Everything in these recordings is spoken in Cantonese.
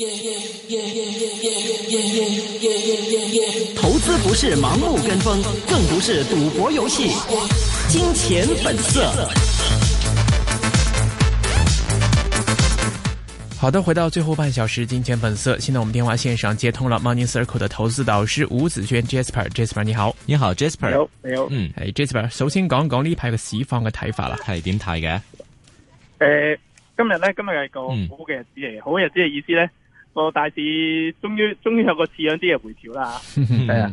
Yeah, yeah, yeah, yeah, yeah, yeah, yeah, yeah 投資不是盲目跟風，更不是賭博遊戲。金錢本色。好的，回到最後半小時，金錢本色。現在我們電話線上接通了 Money Circle 的投資導師吳子軒 Jasper Jasper，你好，你好 Jasper，你好。嗯，哎、mm. hey, Jasper，首先講講呢排個西方嘅睇法啦，係點睇嘅？誒、嗯，今日呢，今日係個好嘅日子嚟，mm. 好嘅日子嘅意思咧。個大市終於終於有個似樣啲嘅回調啦，係 啊，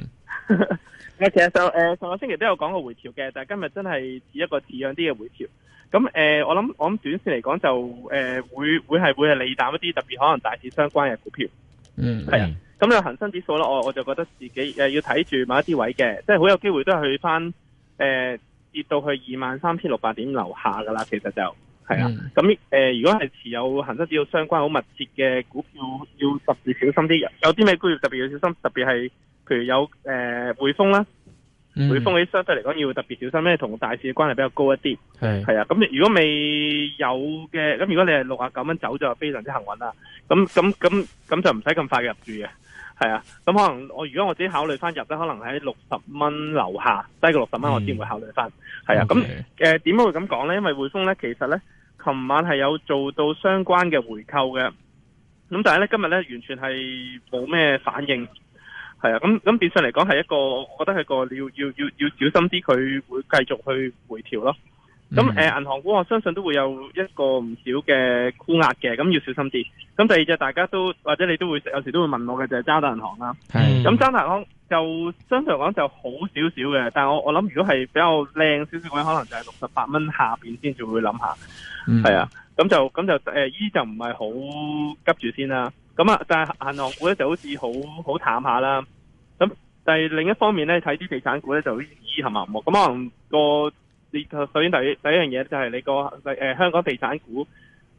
其實就誒、呃、上個星期都有講過回調嘅，但係今日真係似一個似樣啲嘅回調。咁誒、呃，我諗我諗短綫嚟講就誒、呃、會會係會係利淡一啲，特別可能大市相關嘅股票。嗯，係啊。咁有恆生指數啦，我我就覺得自己誒、呃、要睇住某一啲位嘅，即係好有機會都係去翻誒、呃、跌到去二萬三千六百點樓下噶啦。其實就。係啊，咁誒、呃，如果係持有恒生指數相關好密切嘅股票，要特別小心啲。有啲咩股票特別要小心？特別係，譬如有誒匯豐啦，匯豐喺相對嚟講要特別小心，因為同大市嘅關係比較高一啲。係係啊，咁如果未有嘅，咁如果你係六啊九蚊走就非常之幸運啦。咁咁咁咁就唔使咁快入住嘅，係啊。咁可能我如果我自己考慮翻入咧，可能喺六十蚊樓下，低過六十蚊我先會考慮翻。係、嗯、啊，咁、okay. 誒，點、呃、解會咁講咧？因為匯豐咧，其實咧。琴晚係有做到相關嘅回購嘅，咁但係咧今日咧完全係冇咩反應，係啊，咁咁變相嚟講係一個，我覺得係個要要要要小心啲，佢會繼續去回調咯。咁、嗯、誒，銀、呃、行股我相信都會有一個唔少嘅沽壓嘅，咁要小心啲。咁第二就大家都或者你都會有時都會問我嘅就係渣打銀行啦。係、嗯，咁渣打銀行就相對嚟講就好少少嘅，但係我我諗如果係比較靚少少嘅，可能就係六十八蚊下邊先至會諗下。係、嗯、啊，咁就咁就誒，依、呃、就唔係好急住先啦。咁啊，但係銀行股咧就好似好好淡下啦。咁但係另一方面咧，睇啲地產股咧就好似依係嘛。咁可能個。首先第一第一樣嘢就係你個誒香港地產股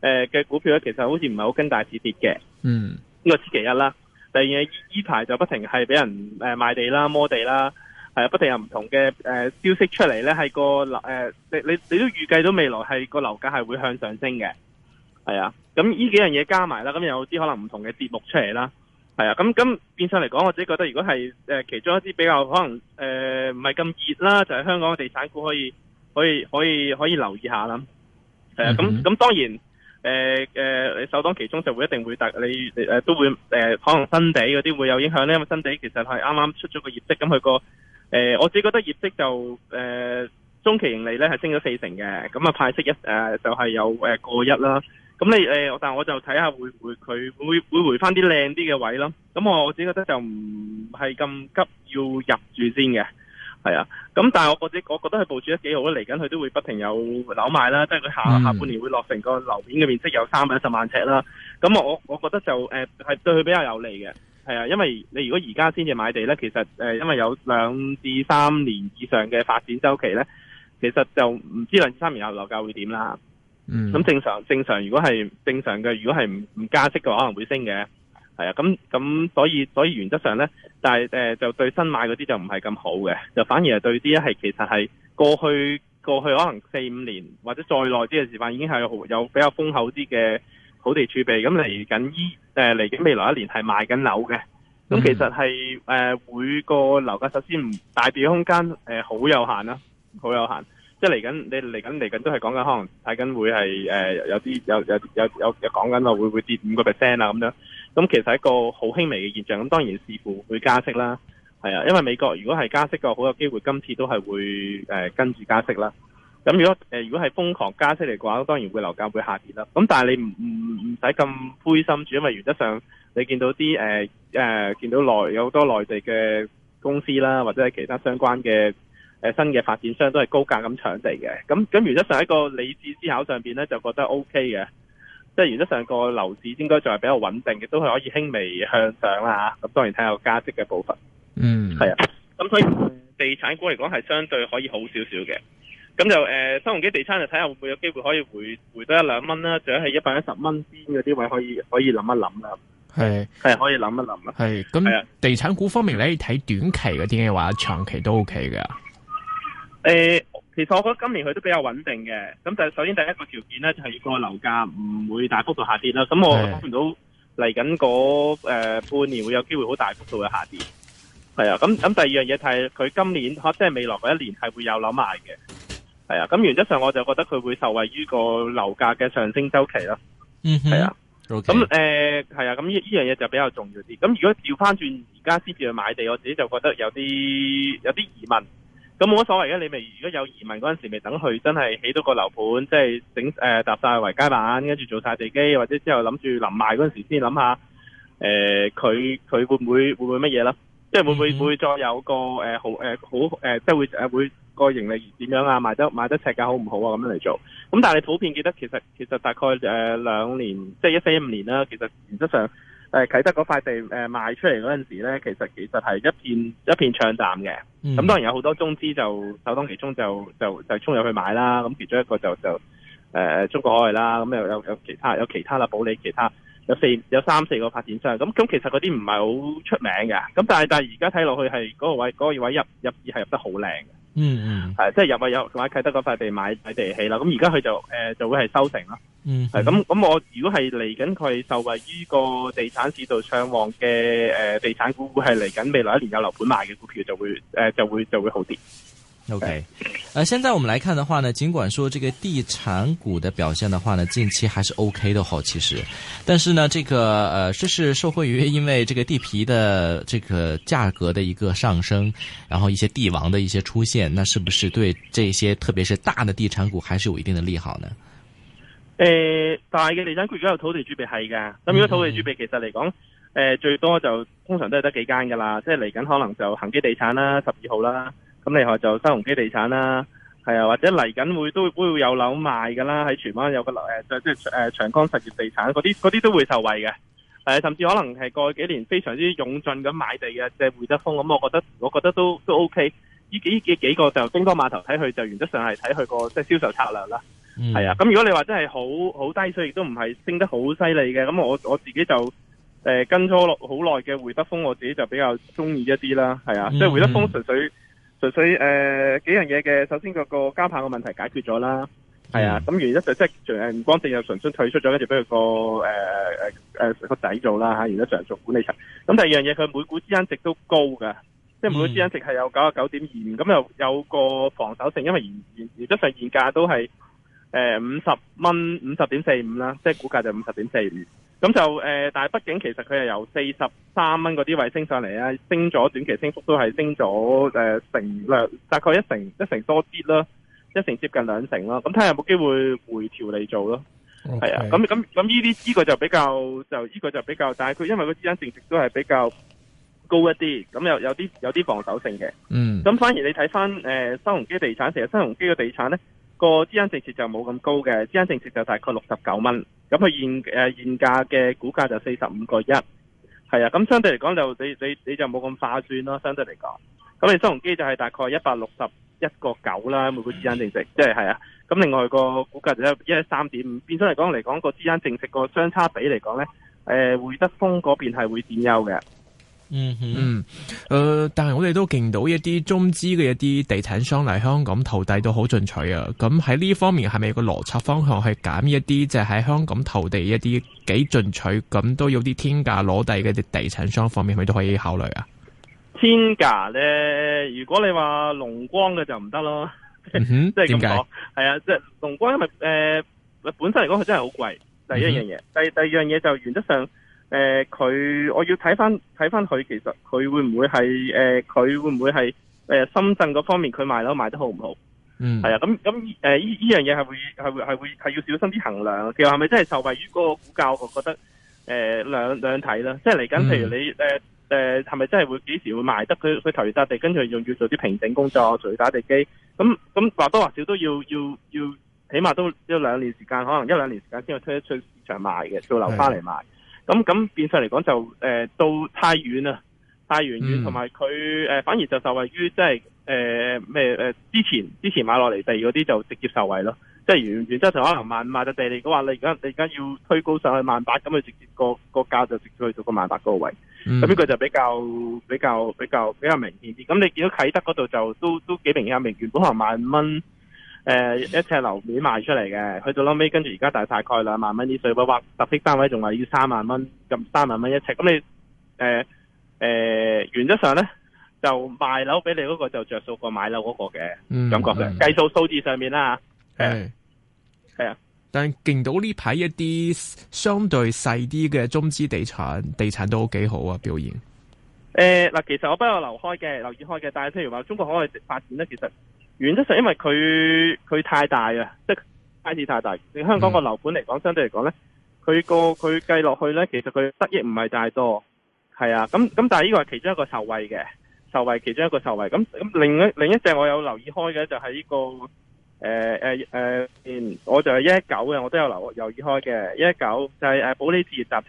誒嘅股票咧，其實好似唔係好跟大市跌嘅。嗯，此其一啦。第二樣嘢，呢排就不停係俾人誒賣地啦、摸地啦，係不停有唔同嘅誒消息出嚟咧。係個樓誒、呃，你你你都預計到未來係個樓價係會向上升嘅。係啊，咁呢幾樣嘢加埋啦，咁有啲可能唔同嘅節目出嚟啦。係啊，咁咁變相嚟講，我自己覺得如果係誒其中一啲比較可能誒唔係咁熱啦，就係、是、香港嘅地產股可以。可以可以可以留意下啦，誒咁咁當然，誒、呃、誒、呃、你首當其衝就會一定會得。你誒、呃、都會誒、呃、可能新地嗰啲會有影響咧，因為新地其實係啱啱出咗個業績，咁佢、那個誒、呃、我自己覺得業績就誒、呃、中期盈利咧係升咗四成嘅，咁啊派息一誒、呃、就係、是、有誒、呃、過一啦，咁你誒、呃、但係我就睇下會唔會佢會會回翻啲靚啲嘅位咯，咁我我自己覺得就唔係咁急要入住先嘅。係啊，咁但係我覺得，我覺得佢部署得幾好，嚟緊佢都會不停有樓賣啦，即係佢下下半年會落成個樓面嘅面積有三百一十萬尺啦。咁、嗯、我我覺得就誒係、呃、對佢比較有利嘅。係啊，因為你如果而家先至買地呢，其實誒、呃、因為有兩至三年以上嘅發展週期呢，其實就唔知兩至三年後樓價會點啦。嗯，咁正常正常，正常如果係正常嘅，如果係唔唔加息嘅話，可能會升嘅。係啊，咁咁所以所以原則上咧，但係、呃、就對新買嗰啲就唔係咁好嘅，就反而係對啲一係其實係過去過去可能四五年或者再耐啲嘅時間已經係有比較豐厚啲嘅土地儲備，咁嚟緊依誒嚟緊未來一年係賣緊樓嘅，咁其實係誒每個樓價首先唔大跌空間誒好有限啦，好、呃、有限，即係嚟緊你嚟緊嚟緊都係講緊可能睇緊會係誒、呃、有啲有有有有有講緊話會會會跌五個 percent 啊咁樣。咁其實係一個好輕微嘅現象，咁當然視乎會加息啦，係啊，因為美國如果係加息嘅好有機會今次都係會誒、呃、跟住加息啦。咁如果、呃、如果係瘋狂加息嚟嘅話，當然會樓價會下跌啦。咁但係你唔唔唔使咁灰心住，因為原則上你見到啲誒誒見到內有好多內地嘅公司啦，或者係其他相關嘅、呃、新嘅發展商都係高價咁搶地嘅。咁咁原則上喺個理智思考上面咧，就覺得 O K 嘅。即係原則上個樓市應該仲係比較穩定嘅，都係可以輕微向上啦，咁當然睇下有加息嘅部分。嗯，係啊。咁所以地產股嚟講係相對可以好少少嘅。咁就誒，新鴻基地產就睇下會唔會有機會可以回回多一兩蚊啦。仲有係一百一十蚊邊嗰啲位可以可以諗一諗啦。係係可以諗一諗啦。係咁，地產股方面咧，睇短期嗰啲嘅話，長期都 OK 嘅。誒、呃。其實我覺得今年佢都比較穩定嘅，咁就首先第一個條件咧，就係個樓價唔會大幅度下跌啦。咁我睇唔到嚟緊嗰半年會有機會好大幅度嘅下跌，係啊。咁咁第二樣嘢就係佢今年可即係未來嗰一年係會有樓賣嘅，係啊。咁原則上我就覺得佢會受惠於個樓價嘅上升周期咯，係、嗯、啊。咁誒係啊。咁依依樣嘢就比較重要啲。咁如果調翻轉而家先至去買地，我自己就覺得有啲有啲疑問。咁冇乜所謂嘅。你咪如果有疑問嗰陣時，咪等佢真係起到個樓盤，即係整誒搭晒圍街板，跟住做晒地基，或者之後諗住臨賣嗰陣時先諗下，誒佢佢會唔會會唔會乜嘢啦？即係會唔會再有個誒好誒好誒，即係會誒會個盈利點樣啊？賣得賣得尺價好唔好啊？咁樣嚟做。咁但係你普遍記得其實其實大概誒兩年，即係一四一五年啦。其實原則上。誒啟德嗰塊地誒賣出嚟嗰陣時咧，其實其實係一片一片唱淡嘅。咁、嗯、當然有好多中資就首當其衝就就就衝入去買啦。咁其中一個就就誒、呃、中國海外啦。咁又有有其他有其他啦，保利其他有四有三四個發展商。咁咁其實嗰啲唔係好出名嘅。咁但係但係而家睇落去係嗰個位嗰、嗰個位入入市係入得好靚。嗯嗯，係，即係又話有買契得嗰塊地買買地氣啦，咁而家佢就誒就會係收成啦。嗯，係咁咁，呃嗯嗯、我如果係嚟緊佢受惠於個地產市度上望嘅誒地產股，會係嚟緊未來一年有樓盤賣嘅股票就會、呃，就會誒就會就會好啲。OK，呃，現在我們來看的話呢，儘管說這個地產股的表現的話呢，近期還是 OK 的吼，好其實，但是呢，這個，呃，這是受惠於因為這個地皮的這個價格的一個上升，然後一些地王的一些出現，那是不是對這些特別是大的地產股還是有一定的利好呢？呃大嘅地產股而家有土地儲備係㗎。咁如果土地儲備其實嚟講，嗯呃，最多就通常都係得幾間㗎啦，即係嚟緊可能就恒基地產啦、十二號啦。咁你話就新鴻基地產啦，係啊，或者嚟緊會都都會，會有樓賣㗎啦，喺荃灣有個樓誒，即、呃、係、呃呃、長江實業地產嗰啲嗰啲都會受惠嘅，誒、呃、甚至可能係過幾年非常之勇進咁買地嘅即係會德豐，咁、嗯、我覺得我覺得都都 OK。呢幾幾個就經多碼頭睇佢就原則上係睇佢個即銷售策略啦，係、嗯、啊。咁、嗯嗯嗯、如果你話真係好好低水亦都唔係升得好犀利嘅，咁我我自己就、呃、跟咗好耐嘅會德豐，我自己就比較中意一啲啦，係啊，嗯、即會德豐純粹。純粹誒、呃、幾樣嘢嘅，首先個個交棒嘅問題解決咗啦，係啊，咁原一就即係唔光正又純粹退出咗，跟住俾佢個誒誒誒個仔做啦吓，而家常做管理層。咁、嗯、第二樣嘢佢每股資產值都高噶，即係每股資產值係有九啊九點二，咁又有個防守性，因為原原則上現價都係。誒，五十蚊，五十點四五啦，即係股價就五十點四五。咁就誒，但係畢竟其實佢係由四十三蚊嗰啲位升上嚟啦，升咗短期升幅都係升咗誒，成、呃、大概一成一成多啲啦，一成接近兩成啦。咁睇下有冇機會回調嚟做咯。係、okay。啊，咁咁咁呢啲呢個就比較就呢個就比較，但係佢因為個資產淨值都係比較高一啲，咁有啲有啲防守性嘅。嗯，咁反而你睇翻誒新鴻基地產，其實新鴻基嘅地產咧。個資產淨值就冇咁高嘅，資產淨值就大概六十九蚊，咁佢現誒、呃、現價嘅股價就四十五個一，係啊，咁相對嚟講就你你你就冇咁化算咯，相對嚟講，咁你收容基就係大概一百六十一個九啦，每股資產淨值，即係係啊，咁另外個股價就一一三點五，變相嚟講嚟講個資產淨值個相差比嚟講咧，誒、呃、匯德豐嗰邊係會佔優嘅。嗯、mm -hmm. 嗯，誒、呃，但係我哋都見到一啲中資嘅一啲地產商嚟香港投地都好進取啊。咁喺呢方面係咪有個邏輯方向去減一啲，即係喺香港投地一啲幾進取，咁都要啲天價攞地嘅地產商方面，佢都可以考慮啊。天價咧，如果你話龍光嘅就唔得咯。即係咁講，點解？係啊，即係龍光因為誒、呃、本身嚟講佢真係好貴，第一樣嘢，第、mm -hmm. 第二樣嘢就原則上。誒、呃，佢我要睇翻睇翻佢，其實佢會唔會係誒，佢、呃、會唔會係誒、呃，深圳嗰方面佢賣樓賣得好唔好？嗯，係啊，咁咁誒，呢樣嘢係會係會係會係要小心啲衡量。其實係咪真係受惠於嗰個估價？我覺得誒兩兩睇啦，即係嚟緊，嗯、譬如，你誒誒，係、呃、咪真係會幾時會賣得？佢佢投完地，跟住，仲要做啲平整工作，除打地基，咁咁或多或少都要要要，要要起碼都要兩年時間，可能一兩年時間先有推出，出市場賣嘅，做樓花嚟賣。咁咁變相嚟講就誒、呃、到太遠啦太遠遠，同埋佢反而就受惠於即係誒咩誒之前之前買落嚟地嗰啲就直接受惠咯，即係完完全就可能萬五買地嚟嘅話話你而家你而家要推高上去萬八，咁佢直接個個價就直接去到個萬八嗰個位，咁、嗯、呢個就比較比較比較比較明顯啲。咁你見到啟德嗰度就都都幾明顯明顯，原本可能萬五蚊。誒、呃，一尺樓面賣出嚟嘅，去到後尾跟住而家大大概兩萬蚊啲稅，不過特色單位仲話要三萬蚊，咁三萬蚊一尺，咁你誒誒，原則上咧，就賣樓俾你嗰個就着數過買樓嗰個嘅感覺嘅，計數數字上面啦吓，係係啊，但係見到呢排一啲相對細啲嘅中資地產地產都幾好啊，表現。誒、呃、嗱，其實我不由留開嘅留意開嘅，但係譬如話中國海外發展咧，其實。原則上，因為佢佢太大啊，即係差別太大。你香港個樓盤嚟講，相對嚟講咧，佢個佢計落去咧，其實佢得益唔係太多。係啊，咁咁但係呢個係其中一個受惠嘅，受惠其中一個受惠。咁咁另一另一隻我有留意開嘅就係呢、這個誒誒誒，我就係一九嘅，我都有留留意開嘅一九，119，就係誒保利置業集團，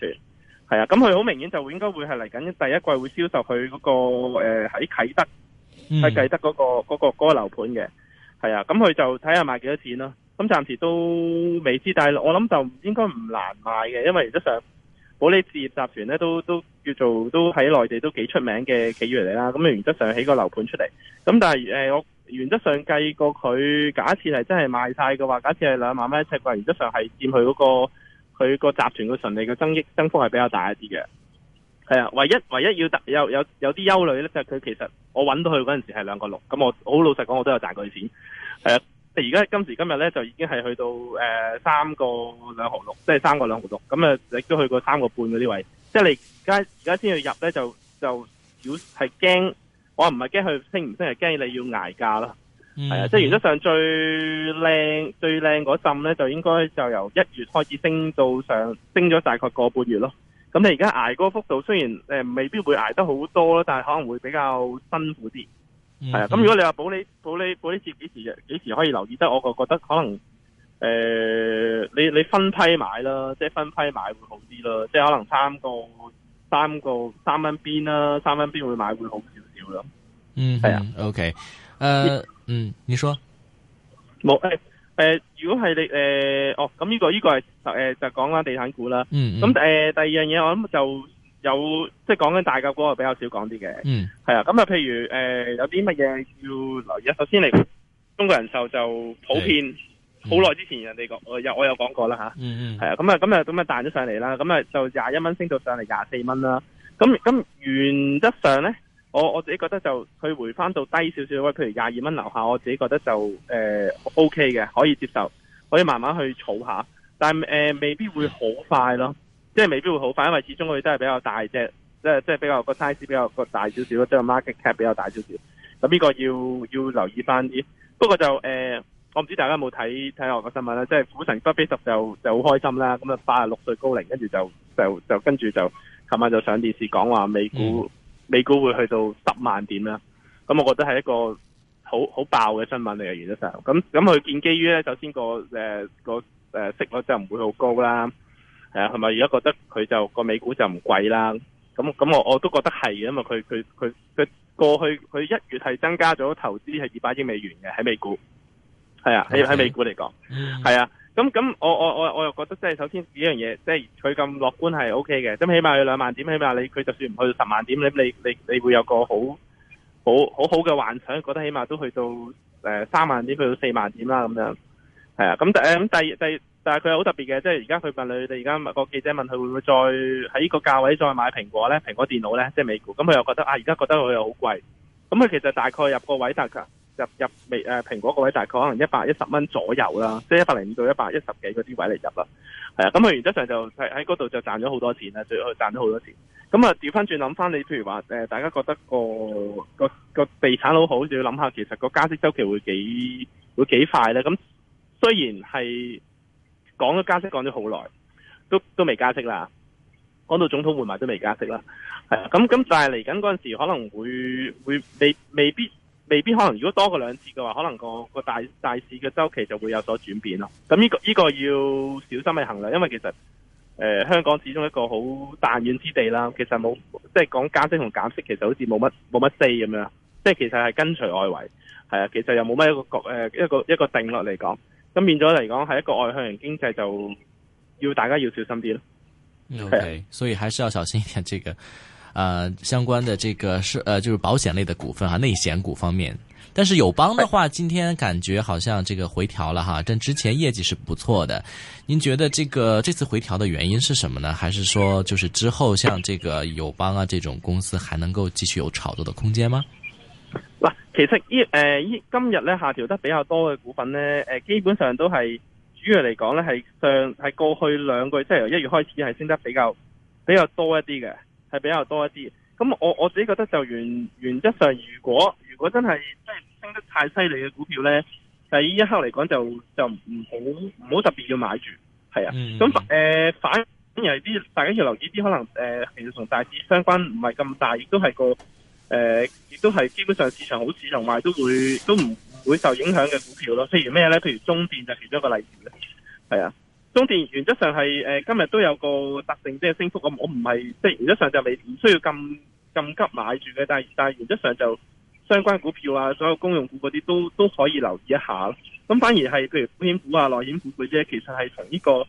係啊。咁佢好明顯就會應該會係嚟緊第一季會銷售佢嗰、那個喺、呃、啟德。係、嗯、計得嗰、個嗰、個嗰、個樓盤嘅，係啊，咁佢就睇下賣幾多錢咯。咁暫時都未知，但係我諗就應該唔難賣嘅，因為原則上保利置業集團咧都都叫做都喺內地都幾出名嘅企業嚟啦。咁啊原則上起個樓盤出嚟，咁但係誒、呃、我原則上計過佢，假設係真係賣晒嘅話，假設係兩萬蚊一尺，佢原則上係佔佢嗰個佢個集團嘅純利嘅增益增幅係比較大一啲嘅。係啊，唯一唯一要有有有啲憂慮咧，就係、是、佢其實我搵到佢嗰陣時係兩個六，咁我好老實講，我都有賺過錢。誒、呃，而家今時今日咧，就已經係去到誒三個兩毫六，呃、即係三個兩毫六。咁啊，亦都去過三個半嗰啲位。即係你而家而家先要入咧，就就係驚，我唔係驚佢升唔升，係驚你要捱價啦。係、嗯、啊，即、就、係、是、原則上最靚最靚嗰陣咧，就應該就由一月開始升到上，升咗大概個半月咯。咁你而家挨嗰個幅度雖然誒、呃、未必會挨得好多啦，但係可能會比較辛苦啲。係、嗯、啊，咁如果你話保你保你保呢次幾時幾時可以留意得，我就覺得可能誒、呃，你你分批買啦，即係分批買會好啲啦，即係可能三個三個三蚊邊啦，三蚊邊會買會好少少咯。嗯，係啊。OK，誒、uh,，嗯，你說冇誒。誒、呃，如果係你誒、呃，哦，咁、這、呢個呢、這個係誒、呃、就講、是、翻地產股啦。嗯、mm -hmm. 呃，咁誒第二樣嘢，我諗就有即係講緊大家局大格局係比較少講啲嘅。嗯、mm -hmm.，係啊，咁啊譬如誒有啲乜嘢要留意。首先嚟中國人壽就普遍好耐、mm -hmm. 之前人哋講，我有我有講過啦吓。嗯、mm、嗯 -hmm.，係啊，咁啊咁啊咁啊彈咗上嚟啦，咁啊就廿一蚊升到上嚟廿四蚊啦。咁咁原則上咧。我我自己覺得就佢回翻到低少少咯，譬如廿二蚊樓下，我自己覺得就誒、呃、OK 嘅，可以接受，可以慢慢去儲下，但係、呃、未必會好快咯，即係未必會好快，因為始終佢真係比較大隻，即係即係比較個 size 比，比較大少少，即係 market cap 比較大少少，咁、這、呢個要要留意翻啲。不過就誒、呃，我唔知大家有冇睇睇我個新聞咧，即係股神巴菲特就就就好開心啦，咁啊八十六歲高齡，跟住就就就跟住就琴晚就上電視講話美股、嗯。美股會去到十萬點啦，咁我覺得係一個好好爆嘅新聞嚟嘅，原則上，咁咁佢建基於咧，首先個誒個誒息率就唔會好高啦，係、呃、啊，同埋而家覺得佢就個美股就唔貴啦。咁咁我我都覺得係嘅，因為佢佢佢佢過去佢一月係增加咗投資係二百億美元嘅喺美股，係啊喺喺美股嚟講，係啊。咁咁我我我我又覺得即係首先呢樣嘢，即係佢咁樂觀係 O K 嘅，咁起碼有兩萬點，起碼你佢就算唔去到十萬點，你你你你會有個好好好好好嘅幻想，覺得起碼都去到呃三萬點去到四萬點啦咁樣，係啊，咁第咁第第但係佢又好特別嘅，即係而家佢問你，你而家個記者問佢會唔會再喺呢個價位再買蘋果咧，蘋果電腦咧，即係美股，咁佢又覺得啊，而家覺得佢又好貴，咁佢其實大概入個位得嘅。入入未？誒、啊，蘋果個位大概可能一百一十蚊左右啦，即係一百零五到一百一十幾個啲位嚟入啦。啊，咁、嗯、佢原則上就喺嗰度就賺咗好多錢啦，最後賺咗好多錢。咁、嗯、啊，調翻轉諗翻，你譬如話、呃、大家覺得個個,個地產好，就要諗下其實個加息周期會幾會幾快咧？咁、嗯、雖然係講咗加息講咗好耐，都都未加息啦。講到總統換埋都未加息啦。啊，咁、嗯、咁，但係嚟緊嗰陣時可能會會未未必。未必可能，如果多過兩次嘅話，可能個個大大市嘅周期就會有所轉變咯。咁呢、這個呢、這個要小心去衡量，因為其實誒、呃、香港始終一個好彈丸之地啦。其實冇即係講加息同減息，其實好似冇乜冇乜 say 咁樣。即係其實係跟隨外圍，係啊。其實又冇乜一個國誒、呃、一個一個定律嚟講。咁變咗嚟講，係一個外向型經濟，就要大家要小心啲咯。係，okay，所以還是要小心一點。這個。呃，相關的這個是呃，就是保險類的股份啊，內險股方面。但是友邦的話，今天感覺好像這個回調了哈、啊。但之前業績是不錯的，您覺得這個這次回調的原因是什麼呢？還是說就是之後像這個友邦啊這種公司還能夠繼續有炒作的空間嗎？其實、呃、今日呢，下調得比較多嘅股份呢、呃，基本上都係主要嚟講呢，是上係過去兩個月，即、就、係、是、由一月開始係升得比較比較多一啲嘅。係比較多一啲，咁我我自己覺得就原原則上如，如果如果真係真係升得太犀利嘅股票呢，就係呢一刻嚟講就就唔好唔好特別要買住，係啊。咁、嗯、誒、嗯呃、反而係啲大家要留意啲，可能誒、呃、其實同大市相關唔係咁大，亦都係個誒亦、呃、都係基本上市場好市場壞都會都唔會受影響嘅股票咯。譬如咩呢？譬如中電就其中一個例子，係啊。供電原則上係誒、呃、今日都有個特性，即係升幅啊！我唔係即係原則上就未唔需要咁咁急買住嘅，但係但係原則上就相關股票啊，所有公用股嗰啲都都可以留意一下。咁反而係譬如保險股啊、內險股嗰啲咧，其實係從呢個誒、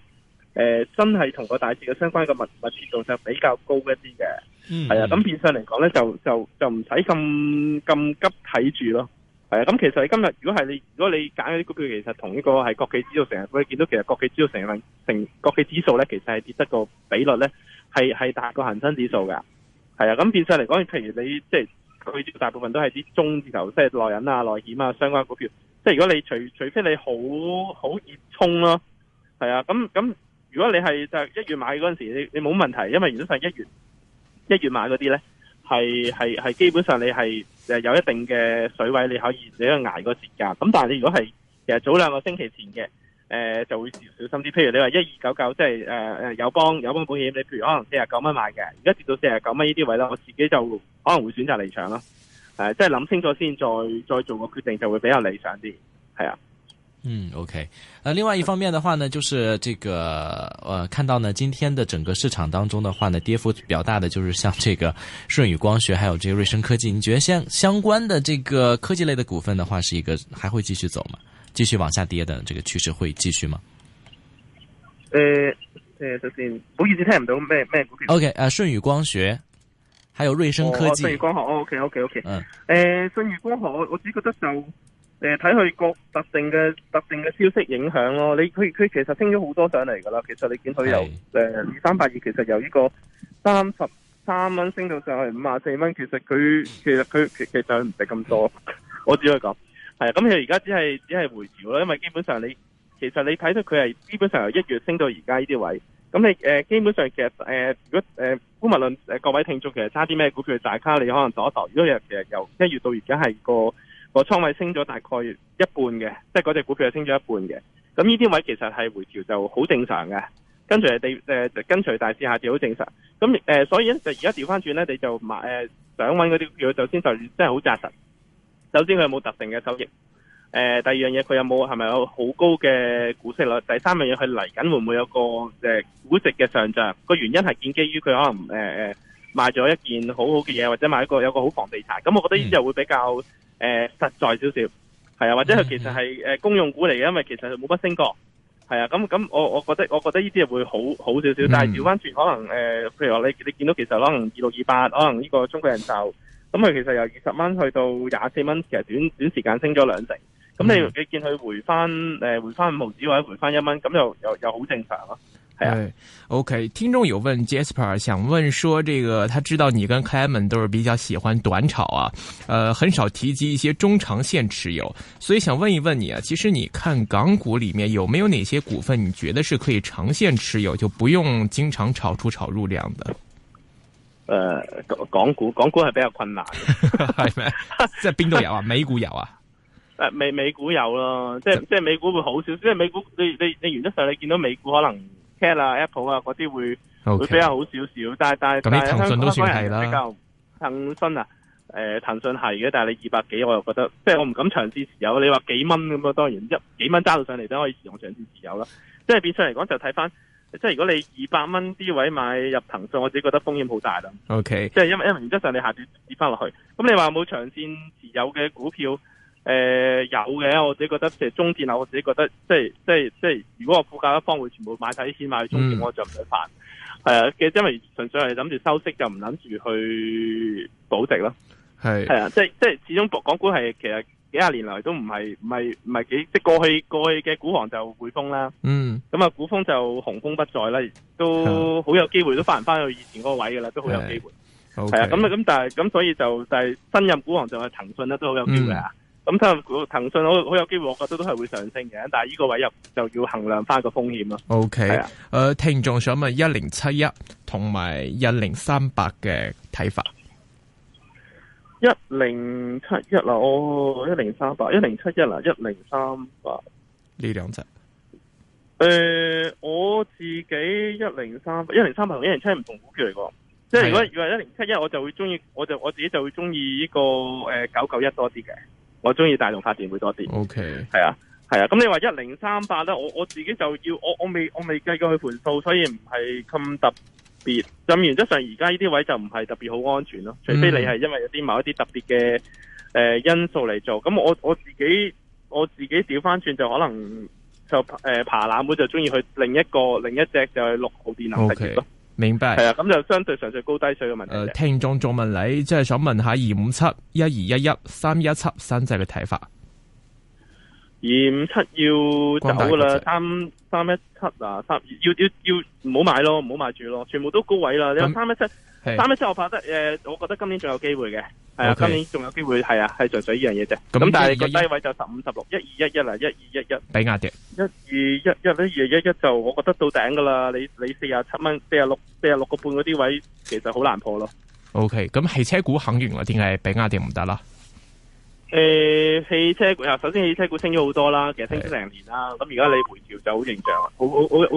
呃、真係同個大市嘅相關嘅密密切度就比較高一啲嘅，係、嗯、啊。咁變相嚟講咧，就就就唔使咁咁急睇住咯。咁其實你今日如果係你，如果你揀嗰啲股票，其實同呢個係國企指數成日，會見到其實國企指數成份成國企指數咧，其實係跌得個比，比率咧，係係大過恒生指數噶。係啊，咁變相嚟講，譬如你即係佢大部分都係啲中字頭，即係內銀啊、內險啊相關股票。即係如果你除除非你好好熱衷咯，係啊，咁咁如果你係就一月買嗰陣時，你你冇問題，因為原本上一月一月買嗰啲咧。係係係基本上你係誒有一定嘅水位你，你可以你去挨個時間。咁但係你如果係其實早兩個星期前嘅誒、呃，就會少小心啲。譬如你話一二九九，即係誒誒友邦友邦保險，你譬如可能四十九蚊買嘅，而家跌到四十九蚊呢啲位啦，我自己就可能會選擇離場咯。誒、呃，即係諗清楚先，再再做個決定，就會比較理想啲。係啊。嗯，OK。呃，另外一方面的話呢，就是這個呃，看到呢今天的整個市場當中的話呢，跌幅比較大的就是像這個舜宇光學，還有這個瑞聲科技。你覺得相相關的這個科技類的股份的話，是一個還會繼續走嗎？繼續往下跌的這個趨勢會繼續嗎？呃，呃，首先，不好意思，聽不懂。咩咩 OK 啊，舜宇光學，還有瑞聲科技。哦、舜宇光學，OK，OK，OK。哦、okay, okay, okay. 嗯。呃，舜宇光學，我我只覺得就。誒，睇佢個特定嘅特定嘅消息影響咯。你佢佢其實升咗好多上嚟噶啦。其實你見佢由誒二三百二，其實由呢個三十三蚊升到上去五十四蚊。其實佢其實佢其其實唔值咁多。我只可以講係啊。咁佢而家只係只係回調啦。因為基本上你其實你睇到佢係基本上由一月升到而家呢啲位。咁你誒、呃，基本上其實誒、呃，如果誒沽、呃、物論誒，各位聽眾其實揸啲咩股票去大卡，你可能做一做。因其實由一月到而家係個。個倉位升咗大概一半嘅，即係嗰隻股票係升咗一半嘅。咁呢啲位其實係回調就好正常嘅，跟住係誒，跟隨大市下跌好正常。咁誒、呃，所以咧就而家調翻轉咧，你就買誒、呃，想揾嗰啲票，首先就真係好紮實。首先佢有冇特定嘅收益？誒、呃，第二樣嘢佢有冇係咪有好高嘅股息率？第三樣嘢佢嚟緊會唔會有個誒、呃、股值嘅上漲？個原因係建基於佢可能誒誒賣咗一件很好好嘅嘢，或者買一個有一個好房地產。咁我覺得呢啲就會比較。誒、呃，實在少少，係啊，或者佢其實係誒、呃、公用股嚟嘅，因為其實冇乜升過，係啊，咁、嗯、咁我我覺得，我覺得呢啲會好好少少，但係調翻轉可能誒、呃，譬如話你你見到其實可能二六二八，可能呢個中國人壽，咁、嗯、佢、嗯、其實由二十蚊去到廿四蚊，其實短短時間升咗兩成，咁你你見佢回翻誒回翻五毫紙或者，回翻一蚊，咁又又又好正常咯、啊。對，啊，OK，聽眾有問 Jasper，想問說這個他知道你跟 Clement 都是比較喜歡短炒啊，呃，很少提及一些中長線持有，所以想問一問你啊，其實你看港股裏面有沒有哪些股份你覺得是可以長線持有，就不用經常炒出炒入這樣的？呃，港股港股係比較困難的，係咩？即係邊度有啊，美股有啊？誒，美美股有咯，即係即係美股會好少，即係美股你你你原則上你見到美股可能。apple 啊，嗰啲會會比較好少少，okay.，但係但係喺香港嗰方人比較騰、呃、騰訊啊，誒騰訊係嘅，但係你二百幾我又覺得，即係我唔敢長線持有。你話幾蚊咁啊，當然一幾蚊揸到上嚟都可以持用長線持有啦。即係變相嚟講就睇翻，即係如果你二百蚊啲位買入騰訊，我自己覺得風險好大啦。O、okay. K，即係因為因為原則上你下跌跌翻落去，咁你話冇長線持有嘅股票？誒、呃，有嘅，我自己覺得，即係中電啊，我自己覺得，即係即係即係，如果我副駕一方會全部買晒啲錢買去中電、嗯，我就唔使煩。誒，嘅，因為純粹係諗住收息，就唔諗住去保值咯。係係啊，即係即係，始終港股係其實幾廿年來都唔係唔係唔係幾，即係過去過去嘅股皇就匯豐啦。嗯。咁啊，股風就雄風不再啦，都好有機會都翻唔翻去以前嗰個位噶啦，都好有機會。好、嗯。係啊，咁啊，咁、okay, 但係咁，所以就就係、是、新任股皇就係騰訊啦，都好有機會啊。嗯咁就騰訊好好有機會，我覺得都係會上升嘅。但係呢個位入就要衡量翻個風險啦。O K，誒，聽眾想問一零七一同埋一零三八嘅睇法。一零七一啦，我一零三八，一零七一啦，一零三八呢兩隻。誒、呃，我自己一零三一零三八同一零七唔同股票嚟嘅，即係如果如果一零七一，我就會中意，我就我自己就會中意呢個誒九九一多啲嘅。我中意大眾發電會多啲，OK，係啊，係啊，咁你話一零三八咧，我我自己就要，我我未我未計過佢盤數，所以唔係咁特別。咁原則上而家呢啲位就唔係特別好安全咯，除非你係因為有啲某一啲特別嘅誒因素嚟做。咁我我自己我自己調翻轉就可能就誒、呃、爬冷會，就中意去另一個另一隻就係六號電能係咯。Okay. 明白，係啊，咁就相對上最高低水嘅問題。誒，聽眾仲問你，即係想問下二五七、一二一一、三一七、三隻嘅睇法。二五七要走啦，三三一七啊，三要要要唔好買咯，唔好買住咯，全部都高位啦。你話三一七。三一七我覺得，誒、呃，我覺得今年仲有機會嘅，係、okay. 啊，今年仲有機會，係啊，係純粹呢樣嘢啫。咁但係個低位就十五十六，一二一一啦，一二一一，比亞迪。一二一一一、二一一就我覺得到頂噶啦。你你四十七蚊，四十六，四十六個半嗰啲位，其實好難破咯。O K，咁汽車股肯完啦，點解比亞迪唔得啦？誒、呃，汽車股啊，首先汽車股升咗好多啦，其實升咗成年啦。咁而家你回調就好形象，好好好好。好好